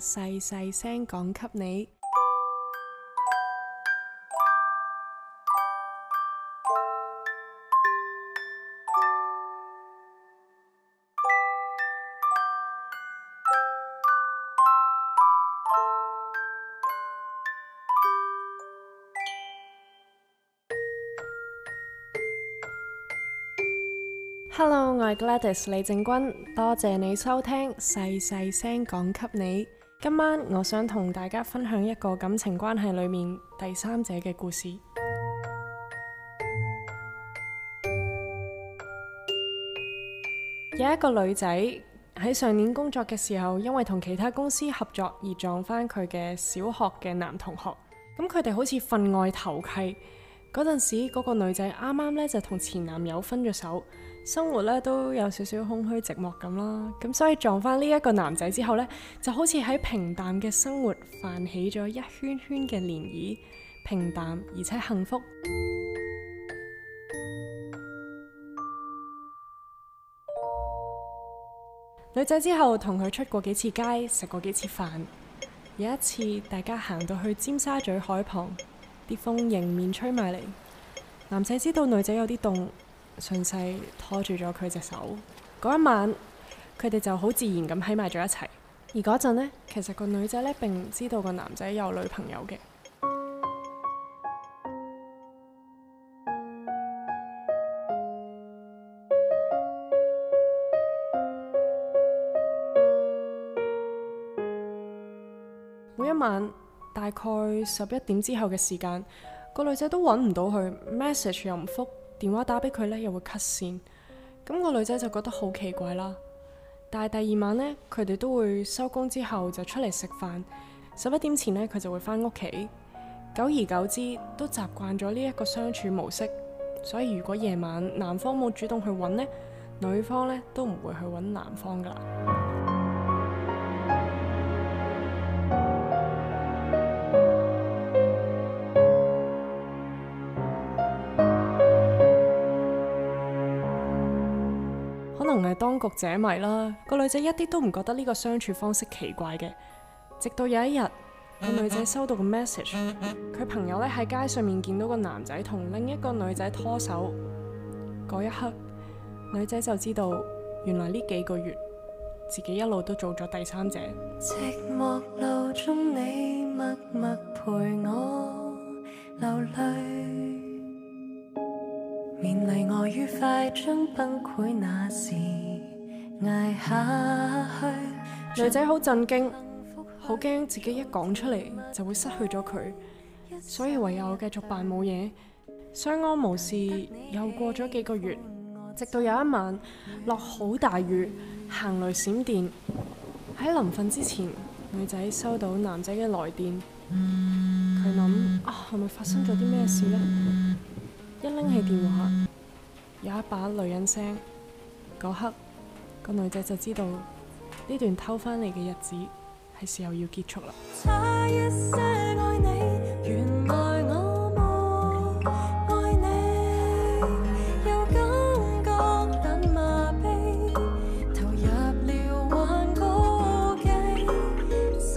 細細聲講給你。Hello，我係 Gladys 李靜君，多謝你收聽細細聲講給你。今晚我想同大家分享一個感情關係裏面第三者嘅故事。 有一個女仔喺上年工作嘅時候，因為同其他公司合作而撞返佢嘅小學嘅男同學，咁佢哋好似分外投契。嗰陣時，嗰個女仔啱啱咧就同前男友分咗手，生活咧都有少少空虛寂寞咁啦。咁所以撞翻呢一個男仔之後呢，就好似喺平淡嘅生活泛起咗一圈圈嘅漣漪，平淡而且幸福。 女仔之後同佢出過幾次街，食過幾次飯。有一次，大家行到去尖沙咀海旁。啲風迎面吹埋嚟，男仔知道女仔有啲凍，順勢拖住咗佢隻手。嗰一晚，佢哋就好自然咁喺埋咗一齊。而嗰陣呢，其實個女仔呢並唔知道個男仔有女朋友嘅。每一晚。大概十一點之後嘅時間，個女仔都揾唔到佢，message 又唔覆，電話打俾佢呢又會 cut 線，咁、那個女仔就覺得好奇怪啦。但係第二晚呢，佢哋都會收工之後就出嚟食飯，十一點前呢，佢就會返屋企，久而久之都習慣咗呢一個相處模式，所以如果夜晚男方冇主動去揾呢，女方呢都唔會去揾男方噶啦。可能係當局者迷啦，個女仔一啲都唔覺得呢個相處方式奇怪嘅，直到有一日，個女仔收到個 message，佢朋友咧喺街上面見到個男仔同另一個女仔拖手，嗰一刻，女仔就知道原來呢幾個月自己一路都做咗第三者。寂寞路中，你默默陪我流淚我愉快將崩潰那時捱下去。女仔好震驚，好驚自己一講出嚟，就會失去咗佢，所以唯有繼續扮冇嘢，相安無事。又過咗幾個月，直到有一晚落好大雨，行雷閃電。喺臨瞓之前，女仔收到男仔嘅來電，佢諗「啊，係咪發生咗啲咩事呢？」一拎起電話，有一把女人聲，嗰刻個女仔就知道呢段偷返嚟嘅日子係時候要結束啦。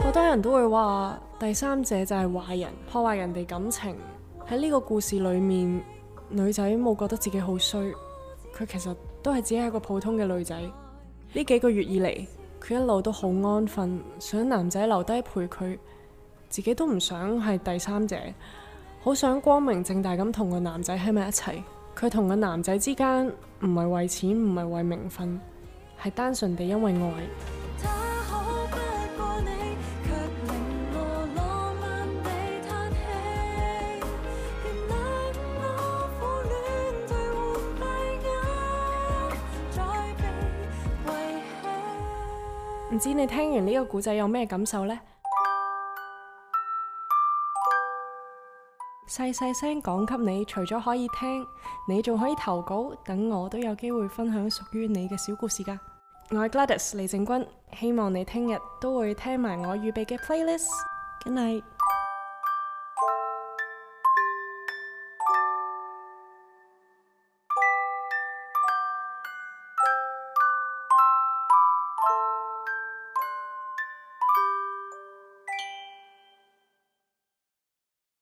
好 多人都會話第三者就係壞人，破壞人哋感情。喺呢個故事裏面。女仔冇覺得自己好衰，佢其實都係只係一個普通嘅女仔。呢幾個月以嚟，佢一路都好安分，想男仔留低陪佢，自己都唔想係第三者，好想光明正大咁同個男仔喺埋一齊。佢同個男仔之間唔係為錢，唔係為名分，係單純地因為愛。唔知你聽完呢個故仔有咩感受呢？細細聲講給你，除咗可以聽，你仲可以投稿，等我都有機會分享屬於你嘅小故事噶。我係 Gladys 李靜君，希望你聽日都會聽埋我預備嘅 playlist。Good night。